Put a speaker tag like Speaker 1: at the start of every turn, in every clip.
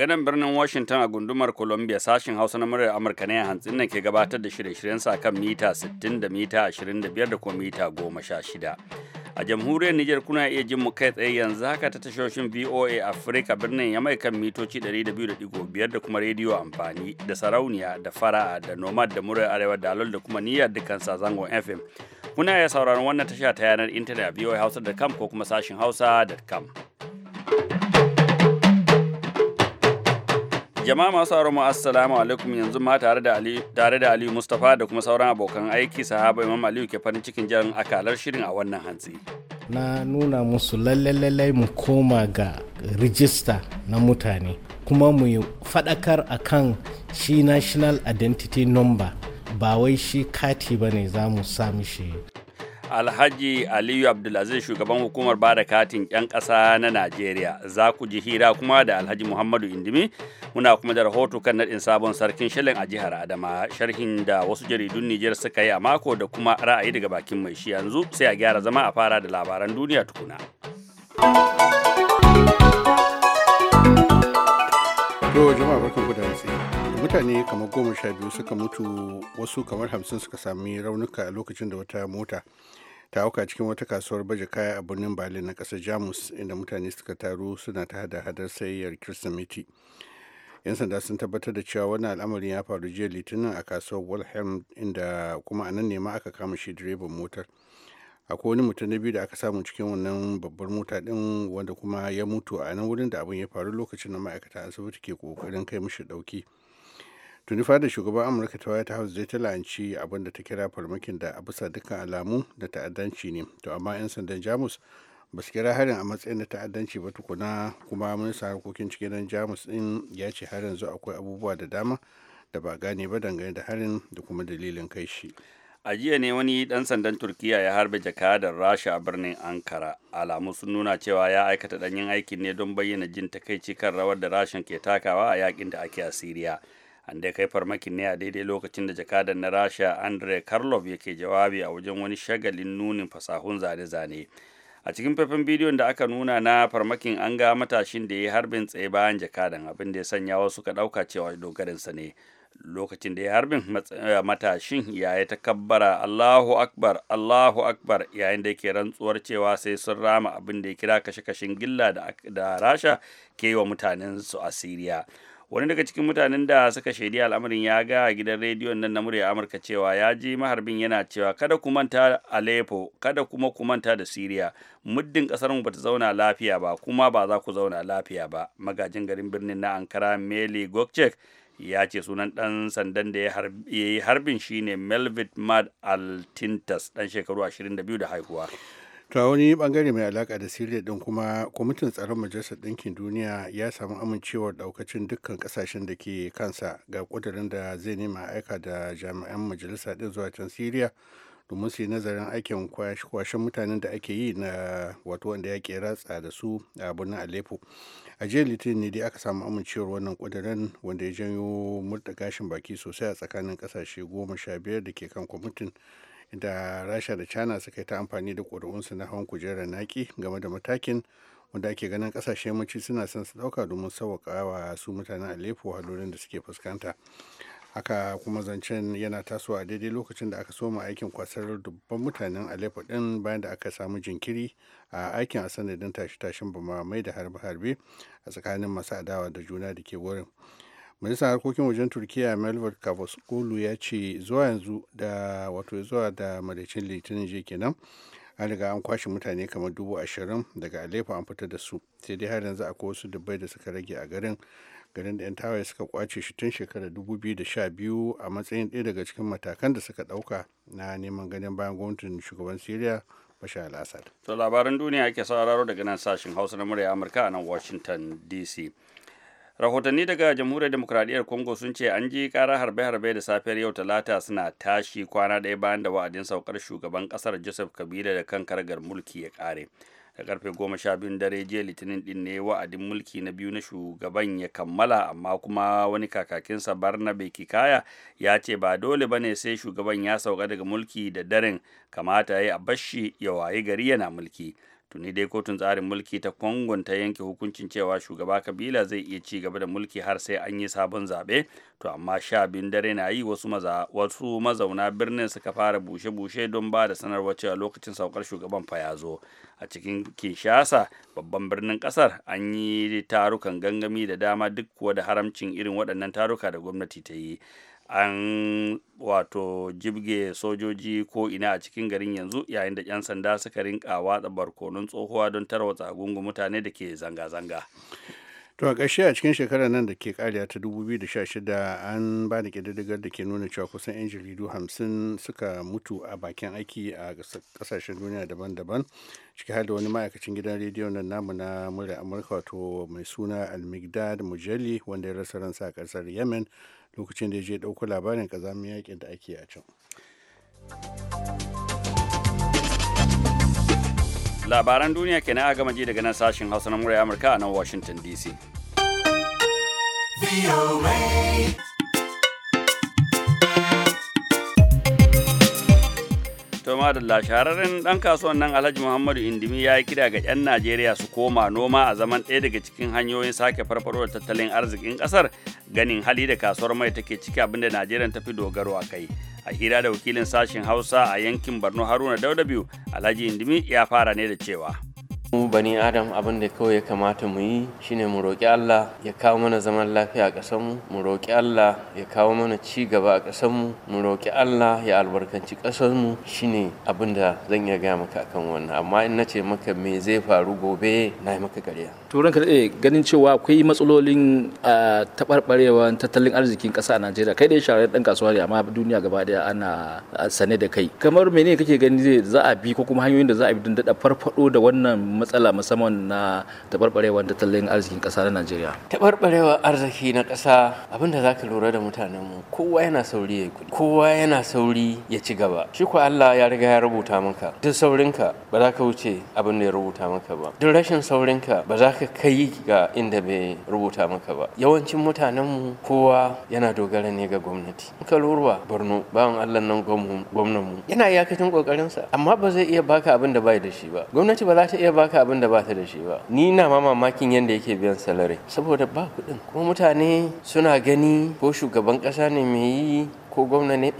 Speaker 1: Daga nan birnin Washington a gundumar Columbia sashen Hausa na muryar Amurka ne a hantsin nan ke gabatar da shirye-shiryen sa kan mita 60 da mita 25 da kuma mita 16. A jamhuriyar Nijar kuna iya jin mu kai tsaye yanzu haka ta tashoshin VOA Africa birnin ya mai kan mitoci 200.5 da kuma rediyo amfani da sarauniya da fara da nomad da muryar arewa da alol da kuma niyyar dukkan zangon FM. Kuna iya sauraron wannan tasha ta yanar intanet a hausa.com ko kuma sashin hausa.com. Jama'a masu aro mu assalamu alaikum yanzu ma tare da Ali tare da Aliyu Mustafa da kuma sauran abokan aiki sahaba Imam Aliyu ke farin cikin jan akalar shirin a wannan hantsi.
Speaker 2: Na nuna musu lalle mu koma ga rijista na mutane kuma mu yi fadakar akan shi national identity number ba wai shi kati bane za mu samu shi.
Speaker 1: Alhaji Aliyu Abdulaziz shugaban hukumar bada katin 'yan ƙasa na Najeriya za ku ji hira kuma da Alhaji Muhammadu Indimi muna kuma da rahoto kan naɗin sabon sarkin shilin a jihar Adama sharhin da wasu jaridun Nijar suka yi a mako da kuma ra'ayi daga bakin mai shi yanzu sai a gyara zama a fara da labaran duniya tukuna.
Speaker 3: mutane kamar goma sha biyu suka mutu wasu kamar hamsin suka sami raunuka a lokacin da wata mota ta auka cikin wata kasuwar baje kaya a birnin berlin na kasar jamus inda mutane suka taru suna ta hada hadar sayayyar kirsimeti yan sanda sun tabbatar da cewa wannan al'amarin ya faru jiya litinin a kasuwar wilhelm inda kuma a nan ne ma aka kama shi direban motar akwai wani mutum na biyu da aka samu cikin wannan babbar mota din wanda kuma ya mutu a nan wurin da abin ya faru lokacin da ma'aikata asibiti ke kokarin kai mishi dauki tuni da shugaban amurka ta white house zai talanci abin da ta kira farmakin da a bisa dukkan alamu da ta'addanci ne to amma 'yan sandan jamus ba su kira harin a matsayin da ta'addanci ba tukuna kuma minista harkokin cikin jamus din ya ce har yanzu akwai abubuwa da dama da ba gane ba dangane da harin da kuma dalilin kai shi
Speaker 1: a jiya ne wani dan sandan turkiya ya harbe jakadar rasha a birnin ankara alamu sun nuna cewa ya aikata danyen aikin ne don bayyana jin takaici kan rawar da rashin ke takawa a yakin da ake a siriya an dai kai farmakin ne a daidai lokacin da jakadan na rasha andre karlov yake jawabi a wajen wani shagalin nunin fasahun zane-zane a cikin faifan bidiyon da aka nuna na farmakin an ga matashin da ya yi harbin tsaye bayan jakadan abin da ya sanya wasu ka ɗauka cewa dogarinsa ne lokacin da ya harbin eh, matashin ya yi kabbara Allahu Akbar Allahu Akbar yayin da yake rantsuwar cewa sai sun rama abin da ya kira kashe-kashen gilla da rasha ke yi wa mutanen su a Siriya wani daga cikin mutanen da suka shaidi al'amarin ya ga gidan rediyon nan na murya amurka cewa ya ji maharbin yana cewa kada ku manta aleppo kada kuma ku manta da syria muddin kasar mu bata zauna lafiya ba kuma ba za ku zauna lafiya ba magajin garin birnin na ankara meli gokcek ya ce sunan dan sandan da ya yi harbin shine melvin mad altintas dan shekaru 22 da haihuwa
Speaker 3: ta wani bangare mai alaka da siriya din kuma kwamitin tsaron majalisar ɗinkin duniya ya samu amincewar daukacin dukkan kasashen da ke kansa ga ƙudurin da zai nema aika da jami'an majalisa din zuwa can siriya domin su yi nazarin aikin kwashen mutanen da ake yi na wato wanda ya ke ratsa da su a birnin aleppo a jiya litinin ne dai aka samu amincewar wannan ƙudurin wanda ya janyo murda gashin baki sosai a tsakanin kasashe goma sha biyar da ke kan kwamitin da rasha da china suka yi ta amfani da ƙuri'unsu na hawan kujerar naki game da matakin wanda ake ganin ƙasashe mace suna son su ɗauka domin sauƙaƙa wa su mutanen aleppo halolin da suke fuskanta haka kuma zancen yana tasowa daidai lokacin da aka soma aikin kwasar dubban mutanen aleppo din bayan da aka samu jinkiri a aikin a sanadin tashe-tashen bama mai da harbe-harbe a tsakanin masu adawa da juna da ke wurin ministan harkokin wajen turkiya melvin kavusoglu ya ce zuwa yanzu da wato zuwa da madaicin litinin je kenan an riga an kwashe mutane kamar dubu ashirin daga alefa an fita da su sai dai har yanzu akwai wasu dubbai da suka rage a garin garin da 'yan tawaye suka kwace shi tun shekarar 2012 a matsayin ɗaya daga cikin matakan da suka ɗauka na neman ganin bayan gwamnatin shugaban syria bashar al-assad
Speaker 1: to labaran duniya ake sauraro daga nan sashen hausa na murya amurka a nan washington dc rahotanni daga jamhuriyar demokradiyyar congo sun ce an ji karar harbe-harbe da safiyar yau talata suna tashi kwana ɗaya bayan da wa'adin saukar shugaban ƙasar joseph kabila da kan karagar mulki ya kare da karfe goma sha biyun dare jiya litinin din ne wa'adin mulki na biyu na shugaban ya kammala amma kuma wani kakakinsa barnabe kikaya ya ce ba dole ba ne sai shugaban ya sauka daga mulki da daren kamata ya yi a bashi ya wayi gari yana mulki tuni dai kotun tsarin mulki ta kongon ta yanke hukuncin cewa shugaba kabila zai iya ci gaba da mulki har sai an yi sabon zaɓe to amma sha biyun dare na yi wasu maza wasu mazauna birnin suka fara bushe-bushe don ba da sanarwa cewa lokacin saukar shugaban fa ya zo a cikin kinshasa babban birnin kasar an yi tarukan gangami da dama duk kuwa da haramcin irin waɗannan taruka da gwamnati ta yi an wato jibge sojoji ko ina a cikin garin yanzu yayin da 'yan sanda suka rinka watsa barkonun tsohuwa don tarwatsa agungun mutane da ke zanga-zanga
Speaker 3: to a ƙarshe a cikin shekarar nan da ke kariya ta 2016 an ba da ƙididdigar da ke nuna cewa kusan 'yan jaridu 50 suka mutu a bakin aiki a ƙasashen duniya daban-daban ciki har da wani ma'aikacin gidan rediyo na namu na murya amurka wato mai suna almigdad mujalli wanda ya rasa ransa a ƙasar yemen lokacin da ya je ɗauko labarin ƙazamin yakin da ake a can.
Speaker 1: Labaran duniya ke a gama ji daga nan sashen Hausa na murai Amurka a nan Washington DC. To madalla shahararren ɗan kasuwan nan Alhaji Muhammadu Indimi ya yi kira ga 'yan Najeriya su koma noma a zaman ɗaya daga cikin hanyoyin sake farfaro da tattalin arzikin ƙasar ganin hali da kasuwar mai take ciki abinda Najeriya ta fi dogaro a kai. A hira da wakilin sashen Hausa a yankin Borno Haruna Dauda biyu Alhaji Indimi ya fara ne da cewa.
Speaker 4: mu bani adam abin da kawai ya kamata mu yi shine mu roƙi Allah ya kawo mana zaman lafiya a ƙasar mu roƙi Allah ya kawo mana ci gaba a kasar mu mu roƙi Allah ya albarkanci ƙasar mu shine abin da zan iya gaya maka akan wannan amma in na ce maka me zai faru gobe na yi maka ƙarya
Speaker 5: turan ka ganin cewa akwai matsalolin taɓarɓarewar tattalin arzikin ƙasa a Najeriya kai dai shahararren ɗan kasuwa ne amma duniya gaba daya ana sane da kai kamar menene kake gani za a bi ko kuma hanyoyin da za a bi don daɗa farfaɗo da wannan matsala musamman na tabarbarewar tattalin arzikin ƙasa na Najeriya. taɓarɓarewar arziki na ƙasa abinda
Speaker 4: za ka lura da mutanen mu kowa yana sauri ya yi kuɗi kowa yana sauri ya ci gaba shi ko Allah ya riga ya rubuta maka duk saurinka ba za ka wuce abin da ya rubuta maka ba duk rashin saurinka ba za ka kai ga inda bai rubuta maka ba yawancin mutanen mu kowa yana dogara ne ga gwamnati in ka lura Borno bawan Allah nan gwamnan mu yana iyakacin kokarinsa amma ba zai iya baka abin da bai da shi ba gwamnati ba za ta iya baka baka abin da bata da shi ba ni na ma mamakin yadda yake biyan salari saboda ba kuɗin kuma mutane suna gani ko shugaban ƙasa ne mai yi ko gwamna ne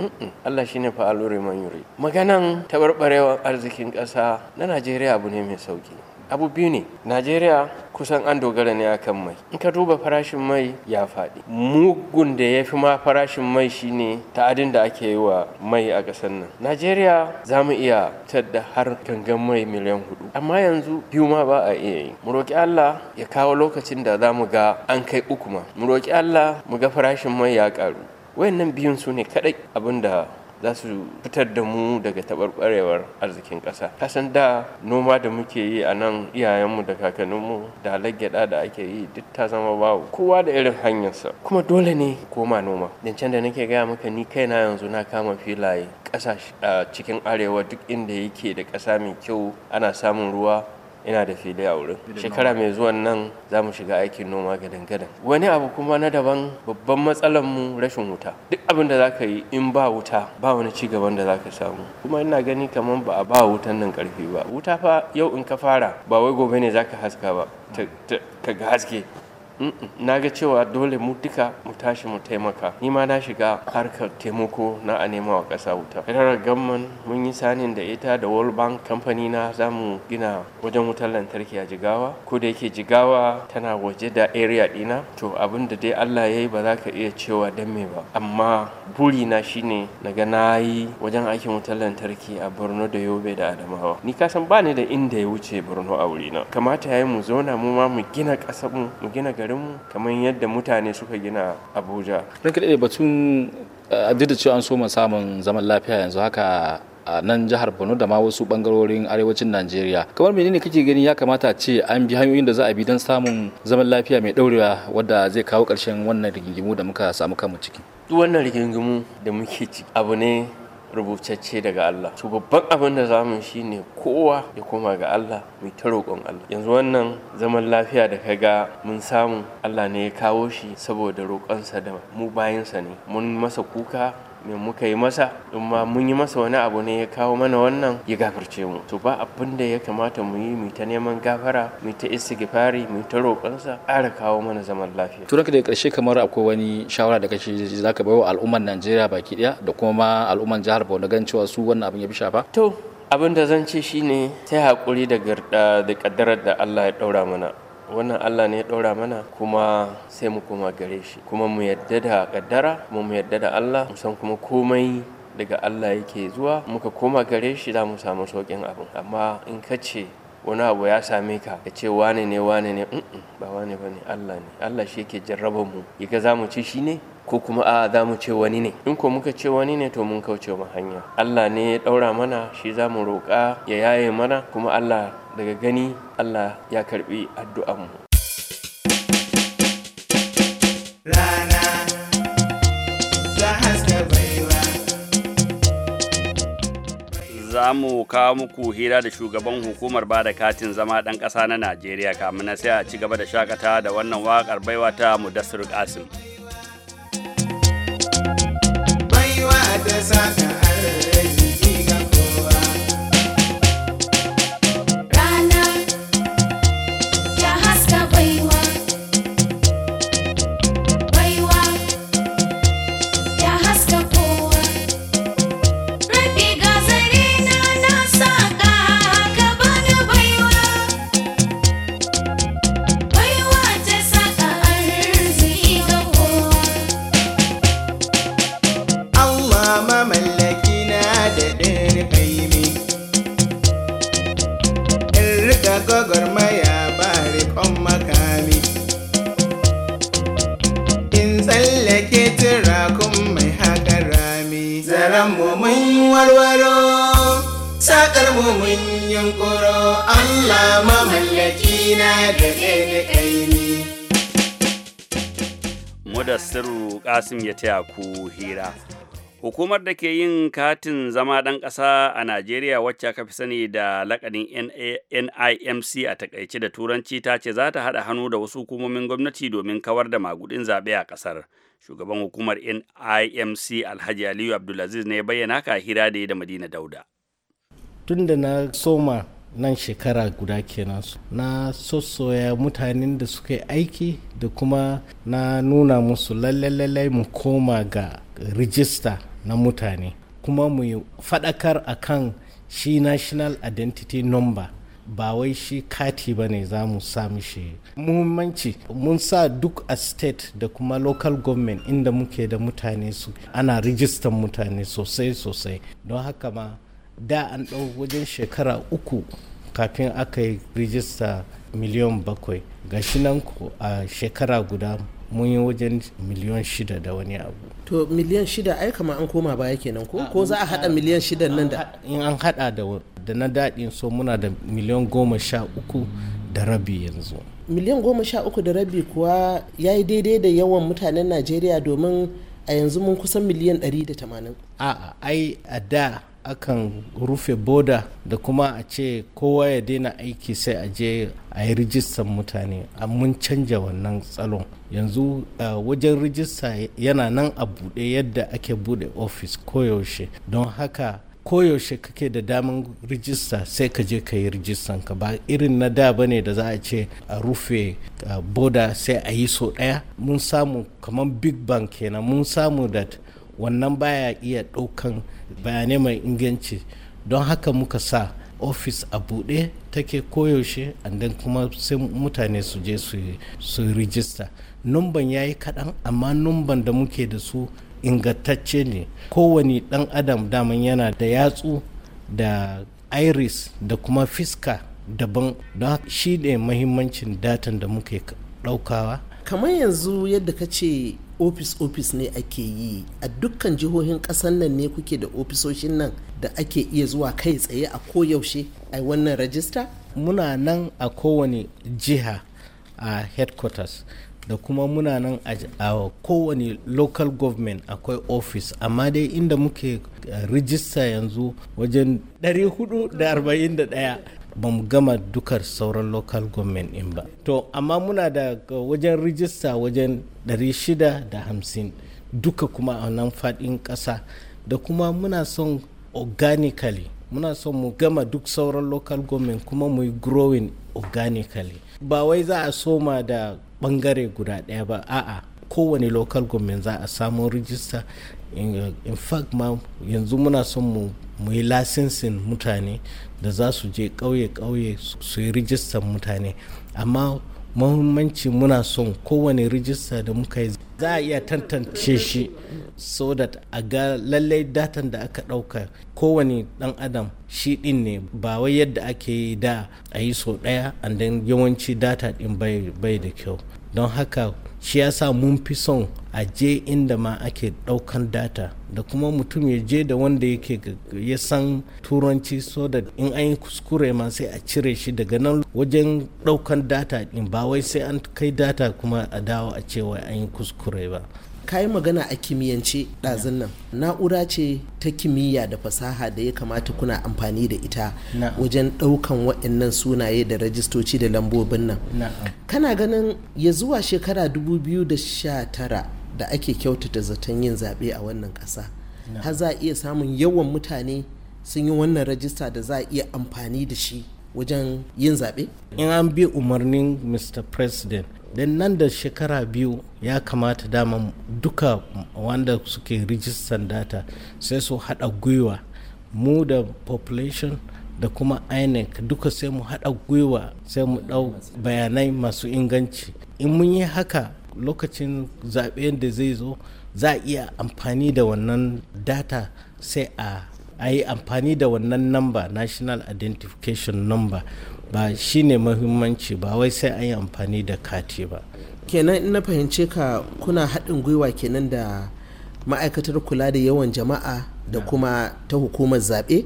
Speaker 4: Allah shi ne fa'alure man yuri maganan taɓarɓarewar arzikin ƙasa na Najeriya abu ne mai sauki abu biyu ne najeriya kusan an dogara ne akan mai in ka duba farashin mai ya faɗi mugun da ya fi ma farashin mai shine ta ta'adin da ake yi wa mai a ƙasar nan najeriya za mu iya fitar da har gangan mai miliyan hudu amma yanzu biyu ma ba a iya yi mu roƙi allah ya kawo lokacin da za mu ga an kai uku ma mu roƙi allah mu ga farashin mai ya ƙaru wayannan biyun su ne kaɗai abin da za su fitar da mu daga taɓarɓarewar arzikin ƙasa kasan da noma da muke yi a nan iyayenmu da kakanninmu da halaggyada da ake yi duk ta zama babu kowa da irin hanyarsa kuma dole ne koma noma zancen da nake gaya maka ni kaina yanzu na kama filaye Ƙasa cikin arewa duk inda yake da ƙasa mai kyau ana samun ruwa ina da fili a wurin shekara mai zuwan nan za mu shiga aikin noma gadan gadan wani abu kuma na daban babban matsalar mu rashin wuta duk abin da ka yi in ba wuta ba wani ci gaban da za ka samu kuma ina gani kamar ba a ba wutan nan karfi ba wuta fa yau in ka fara ba wai gobe ne zaka haska ba ka ga haske na ga cewa dole mu duka mu tashi mu taimaka ni ma na shiga harkar taimako na a nema wa ƙasa wuta federal gamman mun yi sanin da ita da world bank kamfani na za mu gina wajen wutar lantarki a jigawa ko da yake jigawa tana waje da area dina to abin da dai allah ya yi ba za ka iya cewa dan me ba amma buri na shine na ga na yi wajen aikin wutar lantarki a borno da yobe da adamawa ni ka san ba ni da inda ya wuce borno a wuri na kamata ya yi mu zauna mu ma mu gina ƙasar mu gina gari. garinmu kamar yadda mutane suka gina abuja
Speaker 5: don kaɗai batun eh, duk da cewa an soma samun zaman lafiya yanzu haka a nan jihar borno da ma wasu bangarorin arewacin najeriya kamar menene kake gani ya kamata ce an bi hanyoyin da za a bi don samun zaman lafiya mai ɗaurewa wadda zai kawo ƙarshen wannan rigingimu da muka samu kanmu ciki
Speaker 4: duk wannan rigingimu da muke ciki abu ne rubutacce daga Allah su babban abin da zamu shi ne kowa ya koma ga Allah mai ta roƙon Allah yanzu wannan zaman lafiya da ka ga mun samu Allah ne ya kawo shi saboda roƙonsa da mu bayansa ne mun masa kuka me muka yi masa in ma mun yi masa wani abu ne ya kawo mana wannan ya gafarce mu to ba abin da ya kamata mu yi mu ta neman gafara mu ta istighfari mu ta roƙonsa ƙara kawo mana zaman
Speaker 5: lafiya to daga ƙarshe kamar akwai wani shawara da kake zaka bai wa al'ummar Najeriya baki daya da kuma ma al'ummar jihar Borno gan cewa su wannan abin ya bi shafa to abin
Speaker 4: da zan ce shine sai hakuri da da kaddarar da Allah ya ɗaura mana wannan Allah ne ya ɗora mana kuma sai mu koma gare shi kuma mu yadda da kaddara kuma mu yadda da Allah musan kuma komai daga Allah yake zuwa muka koma gare shi za mu samu sauƙin abu. amma in ka ce wani abu ya same ka ka ce wane ne wane ne ba wane ba ne Allah ne Allah shi yake jarraba mu yaga za mu ci shi ne ko kuma a za mu ce wani ne in ko muka ce wani ne to mun kauce ma hanya Allah ne ya ɗaura mana shi za mu roƙa ya yaye mana kuma Allah daga gani Allah ya karbi addu'anmu rana
Speaker 1: za mu kawo muku hira da shugaban hukumar ba da katin zama ɗan ƙasa na najeriya kamun na sai a ci gaba da shakata da wannan waƙar baiwa ta mudassir kasim
Speaker 6: baiwa ta saka arziki
Speaker 1: Kasim ya taya ku hira. Hukumar da ke yin katin zama ɗan ƙasa a Najeriya wacce aka fi sani da lakanin NIMC a takaice da Turanci ta ce za ta haɗa hannu da wasu hukumomin gwamnati domin kawar da magudin zaɓe a ƙasar. Shugaban hukumar NIMC Alhaji Aliyu Abdulaziz ne bayyana ka hira da ya da Madina Dauda.
Speaker 2: Tun da na soma nan shekara guda kenan na ya mutanen da suka yi aiki da kuma na nuna musu lallai mu koma ga rijista na mutane kuma mu yi faɗakar a kan shi national identity number ba wai shi kati ba ne za mu sami shi muhimmanci mun sa duk a state da kuma local government inda muke da mutane su ana rijistan mutane sosai sosai don haka ma da an ɗau wajen shekara uku kafin aka yi rijista miliyan bakwai ga shi nan ko a shekara guda mun yi wajen miliyan shida da wani abu
Speaker 7: to miliyan shida ai kama an koma baya kenan ko ko za a hada miliyan
Speaker 2: shida nan da in an hada da da na daɗin so muna da miliyan goma sha uku da rabi yanzu
Speaker 7: miliyan goma sha uku da rabi kuwa ya yi daidai da yawan mutanen najeriya domin a yanzu mun kusan miliyan 180
Speaker 2: a'a ai a da akan rufe boda da kuma a ce kowa ya daina aiki sai a je a yi rijistar mutane mun canja wannan tsalon yanzu wajen rijista yana nan a buɗe yadda ake buɗe ofis koyaushe don haka koyaushe kake da daman rijista sai ka je ka yi rijistan ka ba irin na da bane da za a ce a rufe boda sai a yi so ɗaya mun samu kamar big bang kenan mun samu da wannan baya iya ɗaukan bayanai mai inganci don haka muka sa ofis a buɗe take koyaushe andan kuma sai mutane su je su rijista numban ya yi kaɗan amma numban da muke da su ingantacce ne kowane ɗan adam daman yana da yatsu da iris da kuma fiska daban don shi ne mahimmancin datan da muke
Speaker 7: ɗaukawa kamar yanzu yadda ka ce ofis-ofis ne ake yi a dukkan jihohin kasan nan ne kuke da ofisoshin nan da ake iya zuwa kai tsaye a koyaushe a wannan rajista? muna nan a kowane jiha a
Speaker 2: headquarters da kuma muna nan a kowane local government akwai office amma dai inda muke eh, rijista yanzu wajen 441 ba mu gama dukar sauran local government in ba to amma muna da wajen rijista wajen 650 duka kuma a nan faɗin ƙasa da kuma muna son organically muna son mu gama duk sauran local government kuma mu yi growing organically ba wai za a soma da bangare guda ɗaya ba a'a kowane local government za a samu rijista in, fact ma yanzu muna son mu mu yi lasinsin mutane da za su je ƙauye-ƙauye su yi rijistar mutane amma mahimmanci muna son kowane rijista da muka yi za a iya tantance shi so that a ga lallai datan da aka ɗauka kowane ɗan adam shi ɗin ne ba wai yadda ake yi da a yi so ɗaya and yawanci data ɗin bai da kyau don haka shi ya sa mun fi son a je inda ma ake daukan data da kuma mutum ya je da wanda yake ya san turanci so da in an yi kuskure ma sai a cire shi daga nan wajen daukan data din ba wai sai an
Speaker 7: kai data kuma a dawo a cewa an yi kuskure ba kayi magana a kimiyyance ɗazun nan na'ura ce ta kimiyya da fasaha da ya kamata kuna amfani da ita wajen ɗaukan waɗannan sunaye da rajistoci da lambobin nan kana ganin ya zuwa shekara 2019 da ake kyautata zaton yin zaɓe a wannan ƙasa har za a iya samun yawan mutane sun yi wannan rajista da za a iya amfani da shi
Speaker 2: wajen yin zaɓe in an bi umarnin mr president don nan da shekara biyu ya kamata dama duka wanda suke rijistan data sai su haɗa gwiwa mu da population da kuma inec duka sai mu haɗa gwiwa sai mu ɗau bayanai masu inganci in mun yi haka lokacin zaɓen da zai zo za a iya amfani da wannan data sai a a yi amfani da wannan namba national identification number ba shi ne mahimmanci ba wai sai an yi amfani da kati
Speaker 7: ba kenan in na fahimce ka kuna haɗin gwiwa kenan da ma'aikatar kula da yawan jama'a da kuma ta hukumar zaɓe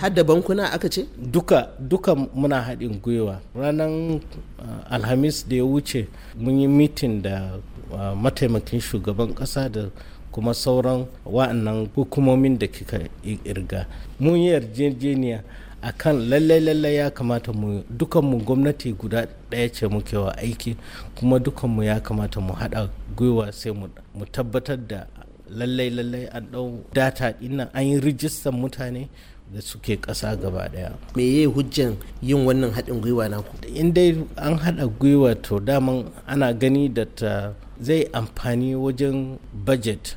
Speaker 7: hadda bankuna aka ce duka duka muna haɗin gwiwa ranar uh, alhamis da ya
Speaker 2: wuce mun yi mitin da uh, mataimakin shugaban ƙasa da kuma sauran wa'annan hukumomin da kika irga mun yi yarjejeniya a kan lallai-lallai ya kamata mu dukanmu gwamnati guda ɗaya ce muke wa aiki kuma dukanmu ya kamata mu haɗa gwiwa sai mu tabbatar da lallai-lallai an ɗau data ina an yi rijistan mutane da suke ƙasa gaba ɗaya. me ya yi hujjan yin wannan haɗin gwiwa naku in dai an haɗa gwiwa to daman ana gani da ta zai amfani wajen budget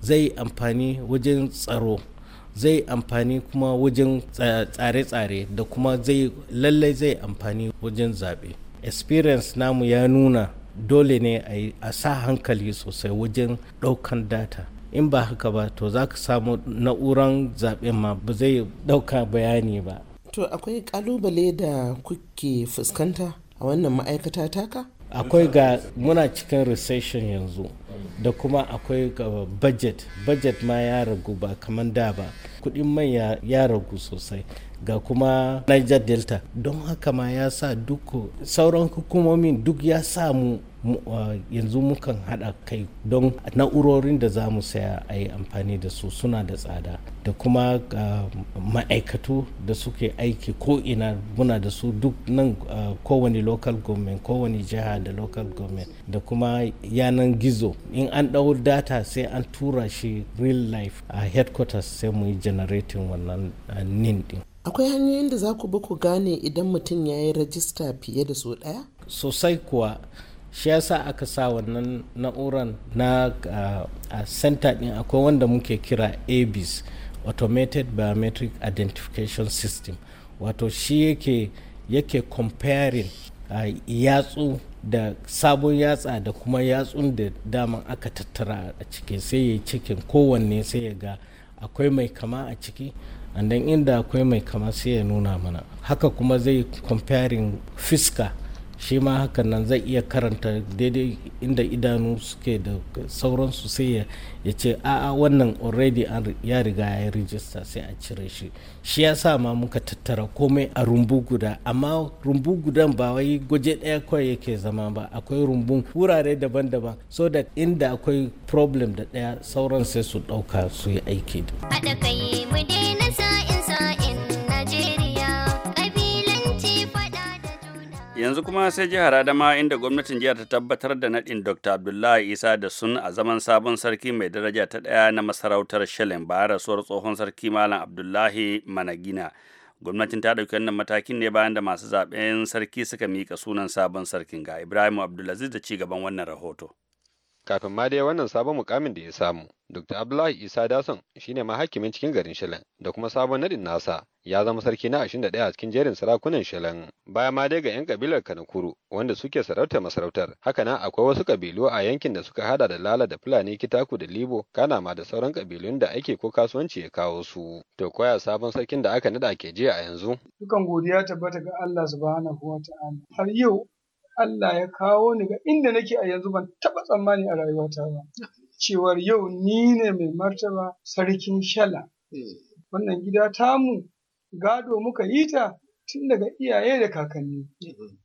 Speaker 2: zai amfani wajen tsaro zai amfani kuma wajen tsare-tsare da kuma zai lallai zai amfani wajen zaɓe experience namu ya nuna dole ne a sa hankali sosai wajen ɗaukan data in ba haka ba to za ka samu na'uran zaɓen ma ba zai ɗauka bayani ba
Speaker 7: to akwai ƙalubale da kuke fuskanta a wannan ma'aikata taka
Speaker 2: akwai ga muna cikin recession yanzu da kuma akwai ga budget budget ma ya ragu ba kamar da ba kudin mai ya ragu sosai ga kuma niger delta don haka ma ya sa duk sauran hukumomin duk ya samu Uh, yanzu mukan haɗa kai don na'urorin da za mu saya a yi amfani da su suna da tsada da kuma uh, ma'aikatu da suke aiki ko ina muna da su duk nan uh, kowane local government kowane jiha da local government da kuma yanan gizo in an ɗau data sai an tura shi real life a headquarters sai mu yi generating wannan nin din
Speaker 7: akwai hanyoyin da za ku ba ku gane idan mutum ya yi rajista fiye da su ɗaya sosai kuwa
Speaker 2: shi ya sa aka sa wannan na'urar na uh, a center din akwai wanda muke kira abis automated biometric identification system wato shi yake yake comparing uh, yatsu da sabon yatsa da kuma yatsun da dama aka tattara a ciki sai ya cikin kowanne sai ya ga akwai mai kama a ciki then inda akwai mai kama sai ya nuna mana haka kuma zai comparing fiska shi ma hakan nan zai iya karanta daidai inda idanu suke da sauransu sai ya ce a'a wannan already ya riga ya rijista sai a cire shi shi ya sa ma muka tattara komai a rumbu guda amma rumbu gudan ba wai gwaje ɗaya kawai yake zama ba akwai rumbun wurare daban-daban so da inda akwai problem da ɗaya sauran sai su
Speaker 1: ɗauka su yi aiki da. yanzu kuma sai jihar adama inda gwamnatin jihar ta tabbatar da nadin dr abdullahi isa da sun a zaman sabon sarki mai daraja ta daya na masarautar shalin bayan rasuwar tsohon sarki malam abdullahi managina gwamnatin ta ɗauki wannan matakin ne bayan da masu zaben sarki suka mika sunan sabon sarkin ga ibrahim abdulaziz da ci gaban wannan rahoto kafin ma dai wannan sabon mukamin da ya samu dr
Speaker 6: abdullahi isa dason shine ma hakimin cikin garin shilan da kuma sabon nadin nasa ya zama sarki na 21 a cikin jerin sarakunan shilan baya ma dai ga yan kabilar kanakuru wanda suke sarauta masarautar haka nan akwai wasu kabilu a yankin da suka hada da lala da fulani kitaku da libo kana ma da sauran kabilun da ake ko kasuwanci ya kawo su to koya sabon sarkin da aka nada ke je a yanzu dukan godiya tabbata ga Allah subhanahu wataala har yau Allah ya kawo ni ga inda nake a yanzu ban taɓa tsammani a rayuwata ba. Cewar yau ni ne mai martaba sarkin shala. Wannan gida tamu gado muka yi ta tun daga iyaye da kakanni.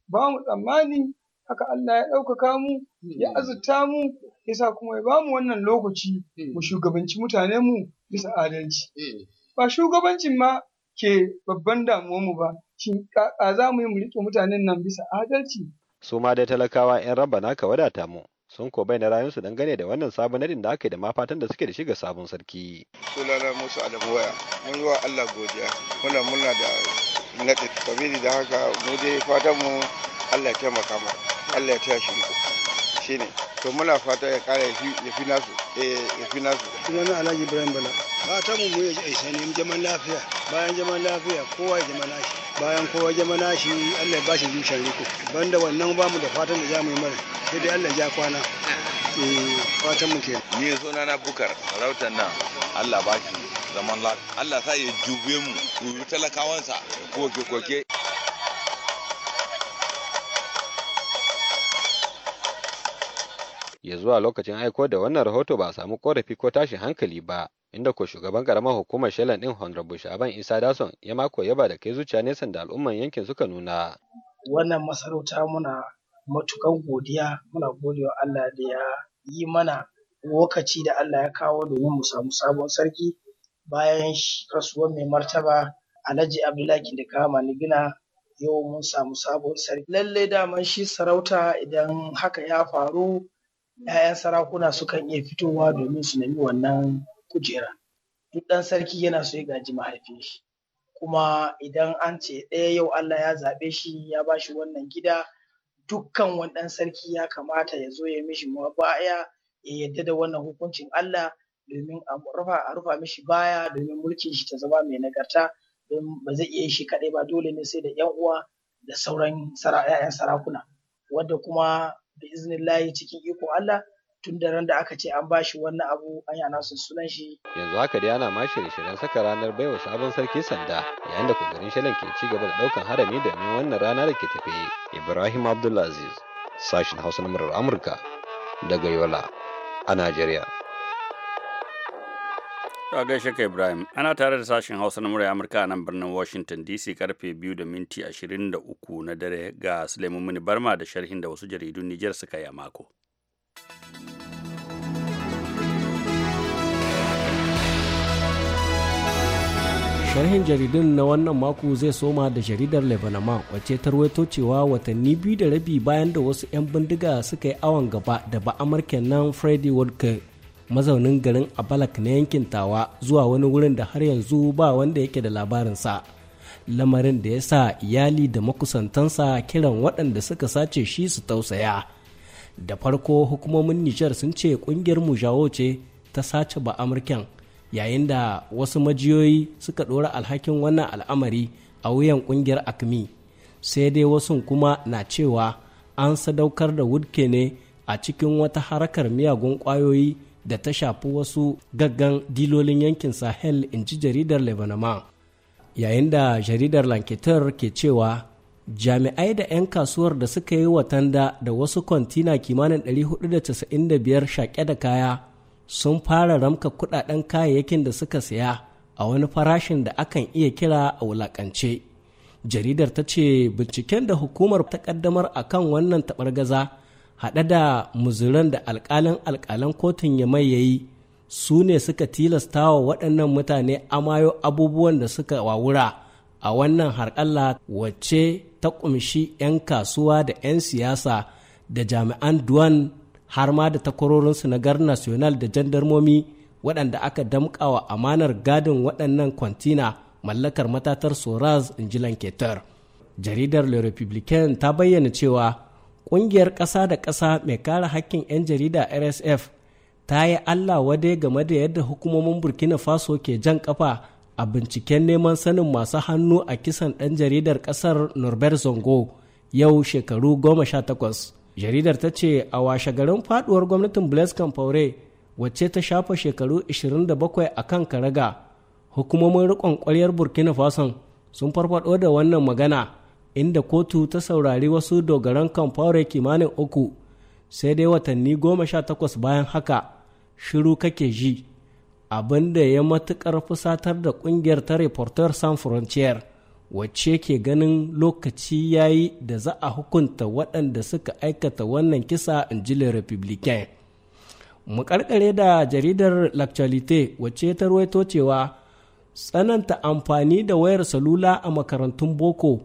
Speaker 6: Ba mu tsammani haka Allah ya ɗaukaka mu, ya azurta mu, yasa kuma ya bamu wannan lokaci mu shugabanci mutane mu bisa adalci. Ba shugabancin ma ke babban damuwar mu ba, shin za mu yi mu riƙe mutanen nan bisa adalci su ma dai talakawa 'yan raba naka wadata mu sun ko na rayunsu dangane da wannan sabon nadin da aka yi da ma fatan da suke da shiga sabon sarki.
Speaker 3: Sunana Musa Adamu Waya, mun yi wa Allah godiya, muna muna da nadin sabili da haka mu dai fatan mu Allah ya taimaka mu, Allah ya taya shi shi ne. To muna fata ya kara ya fi nasu, eh, ya fi nasu. Sunana Alhaji Ibrahim Bala, fatan mu mu yi aisani zaman lafiya, bayan zaman lafiya kowa ya zama lafiya. bayan kowa jama nashi Allah ya ba shi zuciyar riko banda wannan ba mu da fatan da za mu yi mana sai dai Allah ya kwana eh, fatan mu kenan
Speaker 8: ni suna na bukar rautar nan Allah ba shi zaman lafiya Allah sa ya jube mu ku talakawansa koke koke
Speaker 6: ya zuwa lokacin aiko da wannan rahoto ba a samu korafi ko tashi hankali ba inda ko shugaban karamar hukumar shelan din honorable shaban isa dason ya mako yaba da kai zuciya nesan da al'umman yankin suka nuna
Speaker 7: wannan masarauta muna matukan godiya muna godewa allah da ya yi mana lokaci da allah ya kawo domin mu samu sabon sarki bayan rasuwar mai martaba alhaji abdullahi da kama ni gina yau mun samu sabon sarki lallai daman shi sarauta idan haka ya faru 'ya'yan sarakuna sukan iya fitowa domin su nemi wannan kujera duk ɗan sarki yana so ya gaji mahaifin shi kuma idan an ce ɗaya yau Allah ya zaɓe shi ya ba shi wannan gida dukkan wani ɗan sarki ya kamata ya zo ya mishi baya ya yadda da wannan hukuncin Allah domin a rufa mishi baya domin mulkin shi ta zama mai nagarta don ba zai iya shi kaɗai ba dole ne sai da yan uwa da sauran 'ya'yan sarakuna wanda kuma bi iznillahi cikin iko Allah tun da ran da aka ce an ba shi wannan abu an yana son sunan
Speaker 6: shi. Yanzu haka dai ana ma shirye-shiryen saka ranar baiwa sabon sarki sanda yayin da kokarin shalan ke ci gaba da ɗaukan harami da domin wannan rana da ke tafe. Ibrahim Abdulaziz, sashen Hausa na murar Amurka daga Yola a Najeriya.
Speaker 1: a gaishe ka Ibrahim, ana tare da sashen Hausa na murai Amurka a nan birnin Washington DC karfe biyu da minti 23 na dare ga Suleiman Mini Barma da sharhin da wasu jaridun Nijar suka yi a mako.
Speaker 5: sharhin jaridun na wannan mako zai soma da jaridar lebanama wacce ta ruwaito cewa watanni biyu da rabi bayan da wasu 'yan bindiga suka yi awon gaba da ba amurken nan freddy wadka mazaunin garin abalak na yankin tawa zuwa wani wurin da har yanzu ba wanda yake da labarinsa lamarin da ya sa iyali da makusantansa kiran waɗanda suka sace shi su tausaya da farko hukumomin nijar sun ce kungiyar mujawo ce ta sace ba amurken yayin da wasu majiyoyi suka ɗora alhakin wannan al'amari a wuyan kungiyar akmi sai dai wasu kuma na cewa an sadaukar da wudke ne a cikin wata harakar miyagun kwayoyi da ta shafi wasu gaggan dilolin yankin sahel in ji jaridar lebanon yayin da jaridar lanketar ke cewa jami'ai da 'yan kasuwar da suka yi watanda da wasu kwantina kimanin 495 shaƙe da kaya sun fara ramka kudaden kayayyakin da suka saya a wani farashin da akan iya kira a wulakance jaridar ta ce binciken da hukumar ta kaddamar a kan wannan taɓargaza haɗe da muzuran da alƙalin alƙalan kotun ya mayayi su ne suka tilasta wa waɗannan mutane amayo abubuwan da suka wawura. a wannan harƙalla wacce ta ƙumshi 'yan kasuwa da 'yan siyasa da jami'an duwan har ma da takwarorinsu na gar national da jandarmomi waɗanda aka damƙa wa amanar gadin waɗannan kwantina mallakar matatar soraz injilan ketar jaridar le republican ta bayyana cewa ƙungiyar ƙasa da ƙasa mai kare hakkin 'yan jarida rsf ta yi allah wadai game da yadda hukumomin burkina faso ke jan ƙafa. a binciken neman sanin masu hannu a kisan ɗan jaridar ƙasar norbert zongo yau shekaru goma sha takwas jaridar ta ce a washe garin faduwar gwamnatin blaise kamfaure wacce ta shafa shekaru 27 a kan karaga hukumomin riƙon ƙwaryar burkina faso sun farfado da wannan magana inda kotu ta saurari wasu dogaran kamfaure kimanin uku sai dai watanni goma sha takwas bayan haka shiru kake ji abin da ya matuƙar fusatar da ƙungiyar ta reporter san frontier wacce ke ganin lokaci ya yi da za a hukunta waɗanda suka aikata wannan kisa in ji le republican mu karkare da jaridar l'actualité wacce ta ruwaito cewa tsananta amfani da wayar salula a makarantun boko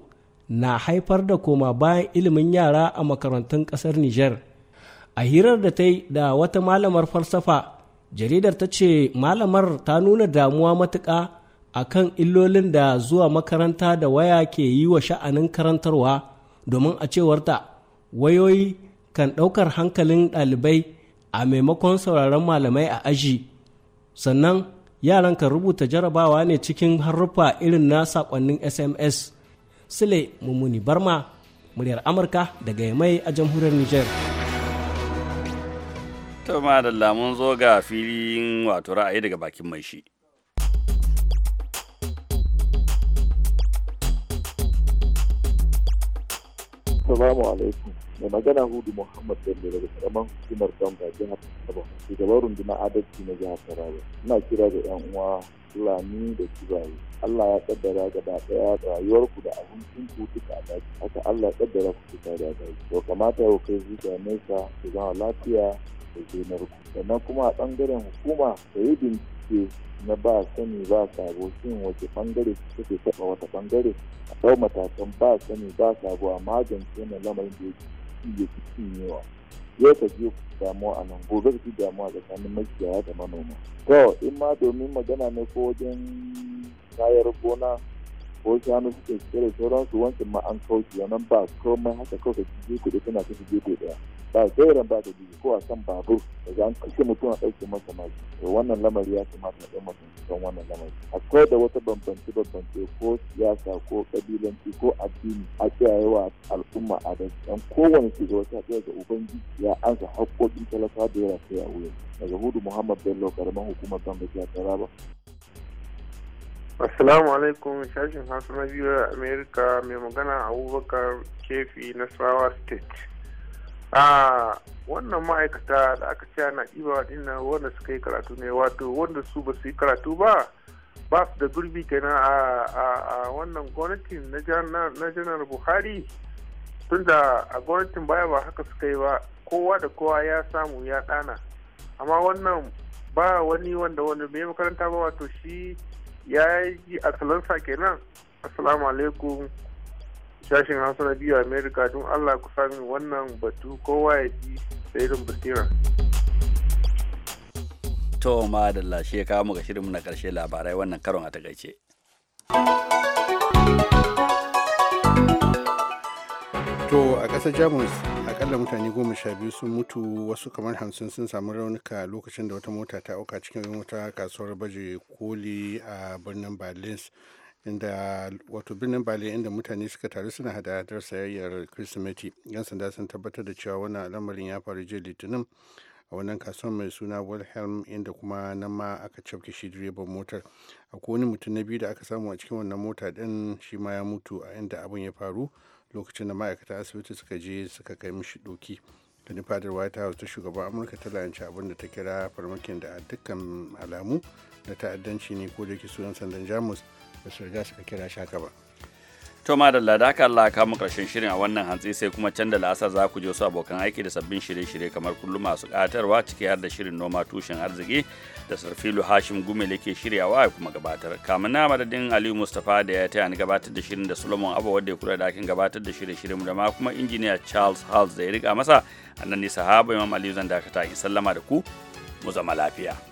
Speaker 5: na haifar da koma bayan ilimin yara a makarantun ƙasar niger a hirar da ta yi da wata malamar falsafa jaridar ta ce malamar ta nuna damuwa matuƙa a kan illolin da zuwa makaranta da waya ke yi wa sha'anin karantarwa domin a cewarta wayoyi kan ɗaukar hankalin ɗalibai a maimakon sauraron malamai a aji sannan yaran kan rubuta jarabawa ne cikin haruffa irin na saƙonnin sms sule mummuni barma muryar amurka daga mai a jamhuriyar niger
Speaker 1: to da lamun zo ga filin wato ra'ayi daga bakin mai shi
Speaker 8: salamu alaikum. Mai magana Hudu Muhammad Bello daga karaman hukumar Gamba jihar Taraba. Shugaban duna adalci na jihar Taraba. Ina kira ga 'yan uwa Fulani da Kibaye. Allah ya kaddara gaba daya rayuwarku da abincin ku duka a daji. Haka Allah ya kaddara ku duka da daji. To kamata ya kai zuciya nesa ku zama lafiya da na sannan kuma a bangaren hukuma da yi bincike na ba sani ba sabo shin wace bangare suke taba wata bangare a ɗau matakan ba sani ba sabo a magance na lamarin da ya ci cinyewa yau ta je damuwa a nan gobe ka damuwa tsakanin makiyaya da manoma to in ma domin magana ne ko wajen kayar gona ko shanu suke cire sauransu wancan ma an kauce nan ba komai haka kawai ka je kuɗi tana ta gefe ɗaya ba gairan ba da jiki ko a san babur daga an kashe mutum a ɗauke masa mai da wannan lamari ya kamata na ɗan mutum wannan lamari akwai da wata bambance bambance ko siyasa ko kabilanci ko addini a wa al'umma a da dan kowane su zo ta ga ubangiji ya ansa haƙoƙin talaka da ya rafe a wuyan daga hudu muhammad bello karaman hukumar bamba ta taraba Assalamu alaikum sashen hasu na biyu Amerika mai magana Abubakar Kefi na Sawa State. a wannan ma'aikata da aka ce ana ɗiba dinnan wanda suka yi karatu ne wato wanda su ba su yi karatu ba ba su da gurbi kenan a wannan gwamnatin na janar buhari tunda a gwamnatin baya ba haka suka yi ba kowa da kowa ya samu ya ɗana amma wannan ba wani wanda wani bai makaranta ba wato shi ya yi asalansa kenan assalamu alaikum sashen hausa na biyu amerika don allah ku sami wannan batu kowa ya ji da irin basira
Speaker 1: to ma da lashe ya kawo mu ga shirin na karshe labarai wannan karon a takaice
Speaker 3: to a ƙasar jamus
Speaker 1: akalla mutane goma sha
Speaker 3: biyu sun mutu wasu kamar hamsin sun samu raunuka lokacin da wata mota ta auka cikin wata kasuwar baje koli a birnin berlin inda wato birnin bale inda mutane suka taru suna hadadar sayayyar kirsimeti yan sanda sun tabbatar da cewa wannan al'amarin ya faru jiya litinin a wannan kasuwar mai suna wilhelm inda kuma nan ma aka cafke shi direban motar akwai wani mutum na biyu da aka samu a cikin wannan mota din shi ma ya mutu a inda abin ya faru lokacin da ma'aikata asibiti suka je suka kai mishi doki da fadar white house ta shugaban amurka ta lanci abin da ta kira farmakin da dukkan alamu na ta'addanci ne ko da yake sunan sandan jamus ba su riga suka kira
Speaker 1: to madalla da ladaka Allah ka mu karshen shirin a wannan hantsi sai kuma can da la'asar za ku je su abokan aiki da sabbin shirye-shirye kamar kullum masu ƙatarwa ciki har da shirin noma tushen arziki da sarfilu hashim gumel ke shiryawa ya kuma gabatar kamun na madadin aliyu mustapha da ya taya ni gabatar da shirin da solomon Abba wadda ya kula da akin gabatar da shirye-shiryen da ma kuma injiniya charles hals da ya rika masa annan ni sahaba imam aliyu zan dakata in sallama da ku mu zama lafiya.